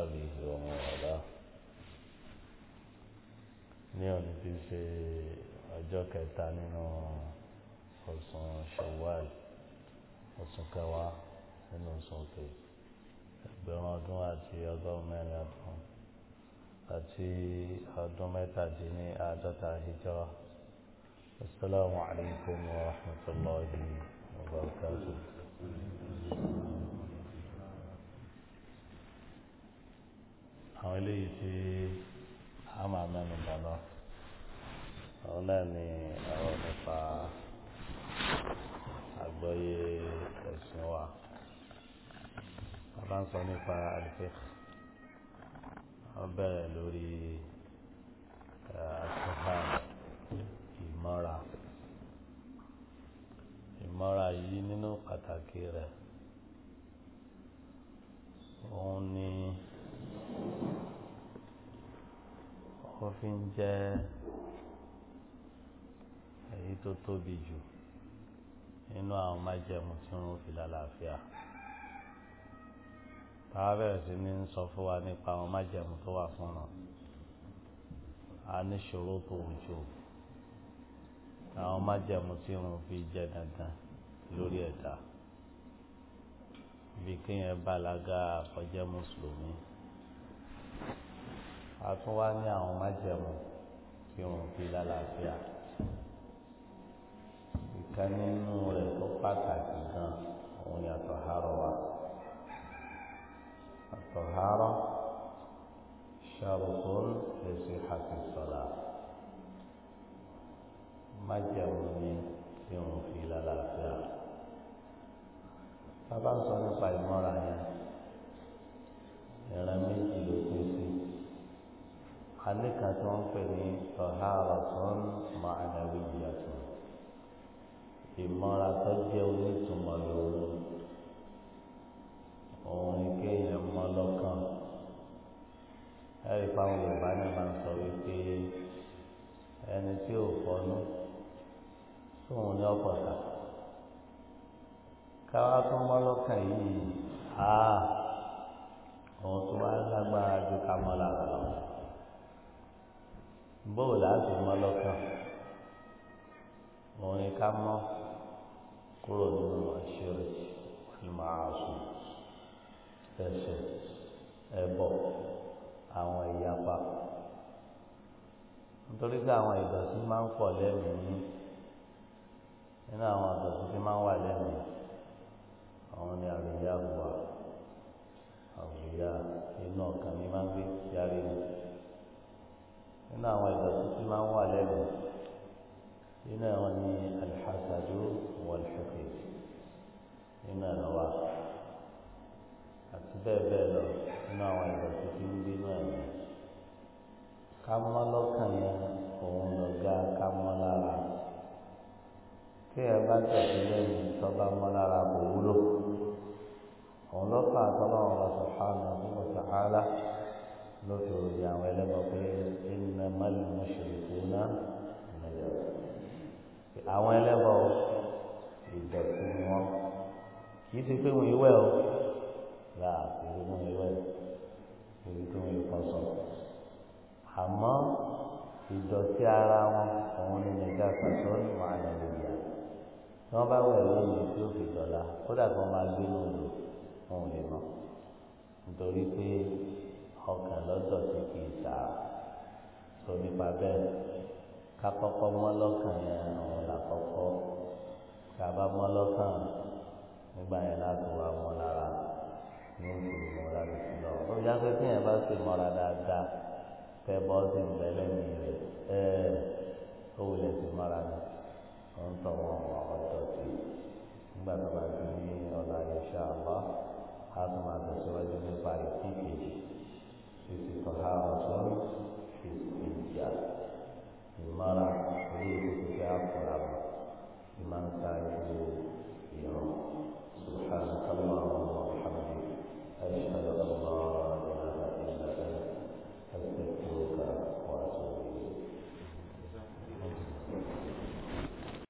وأصحابه ومن والاه نيون في في أجوك تانينو وصن شوال وصن كوا nínú sọ̀tò ẹgbẹ̀rún ọdún àti ọgọ́rùn mẹ́rin ọdún àti ọdún mẹ́tàdínní àádọ́ta hijra asalaamu alaykum wa rahmatulahi wa barakatuh. àwọn eléyìí tí a máa mẹ́nu bà lọ àwọn náà ni ọ̀rọ̀ nípa àgbọ́yé ẹ̀sìn wa a bá ń sọ nípa àlùfẹ́ wọ́n bẹ̀rẹ̀ lórí àṣùhà ìmọ́ra ìmọ́ra yìí nínú pàtàkì rẹ̀ òun ni. fi ń jẹ́ èyí tó tóbi jù nínú àwọn májẹ̀mú tí wọ́n fi lálàáfíà tàwa bẹ̀rẹ̀ sí ní sọ fún wa nípa àwọn májẹ̀mú tó wà fún ọ̀nà a ní ṣòro tó wùjọ àwọn májẹ̀mú tí wọ́n fi jẹ́ dandan lórí ẹ̀dá bí kéèyàn bàlágà kọjá mùsùlùmí a tún wá ní àwọn májẹ̀mú tí wọ́n fi lálàáfíà ìkan nínú rẹ̀ tó pàtàkì gan òun ni àtọ̀hárọ̀ wa àtọ̀hárọ̀ ṣàrùkún lẹ́sìn àfisọ̀lá májẹ̀mú ni tí wọ́n fi lálàáfíà bàbá ń sọ nípa ìmọ́ra yẹn ìran méjì ló pín àníkà tí wọ́n ń pè ní sọ̀hárà sọ́n màánàwí ìyàtọ̀ ìmọ̀ra tó jẹ́ onítùmọ̀ lòun òun ni kéèyàn mọ́ lọ́kàn ẹ̀rí fáwọn yorùbá náà máa ń sọ wípé ẹni tí ò fọnú tóun ní ọ̀pọ̀ta káwá tó mọ́ lọ́kàn yìí àá òun tó wá lágbára ju ká mọ́ lára lọ bóò láti mọ́ lọ́kàn òun ni ká mọ́ kúrò nínú àṣírí ìmọ̀-àṣù ẹ̀ṣẹ̀ ẹbọ àwọn ìyapa nítorí pé àwọn ìdọ̀tí máa ń pọ̀ lẹ́mìí nínú àwọn ìdọ̀tí tí máa ń wà lẹ́mìí àwọn ni àrùyá wà àrùyá inú ọkàn ní máa ń gbé yára ẹni nínú àwọn ìdọ̀tí tí máa ń wà lẹ́nu nínú àwọn ní alḥasadu wàlḥuqid nínú àlọ́wà àti bẹ́ẹ̀ bẹ́ẹ̀ lọ nínú àwọn ìdọ̀tí tí ń bínú ẹ̀mí ká mọ́ lọ́kàn yẹn òun lọ́gá ká mọ́ lára kí ẹ bá tẹ̀sí lẹ́nu tó bá mọ́ lára kò wúlò òun lọ́kàn àtọ́lọ́wọ́n wa subhanahu wa ta'ala lọ́dọ̀ ìyàwó ẹlẹ́bọ̀ pé iná mọ́lẹ́mọ́ ṣòro iná ìmọ̀lẹ́ àwọn ẹlẹ́bọ̀ ìdọ̀tí ni wọ́n kì í ṣe pé wọ́n ìwẹ̀ o là ìwé wọn ìwẹ̀ èyí tó ń lùkọ́ sọ àmọ́ ìdọ̀tí ara wọn òun ni nàìjíríà pàṣẹ wà nàìjíríà tí wọ́n bá wẹ̀ lónìí tí ó fi dọ̀la kódà kan máa gbé lóòlò wọn lè mọ̀ nítorí pé ọkàn lọ́dọ̀ tí kì í sá tó nípa bẹ́ẹ̀ ká kọ́kọ́ mọ́ lọ́kàn yẹn àwọn làkọ́kọ́ ká bá mọ́ lọ́kàn nígbà yẹn láti wá mọ́ lára ní oṣù ìmọ̀ra lè fi lọ. ó yá pé téèyàn bá sì mọ́ra dáadáa tẹ bọ́ sí ìbẹ̀lẹ̀ mi rẹ̀ ẹ̀ ó wulẹ̀ sí mọ́ra ni ó ń tọ́ wọn wọ ọ̀dọ̀ tí nígbà tó bá ti ní ọ̀la ìṣàlọ́ a tún máa tẹ̀síwájú nípa ìdíje. This is how love is in the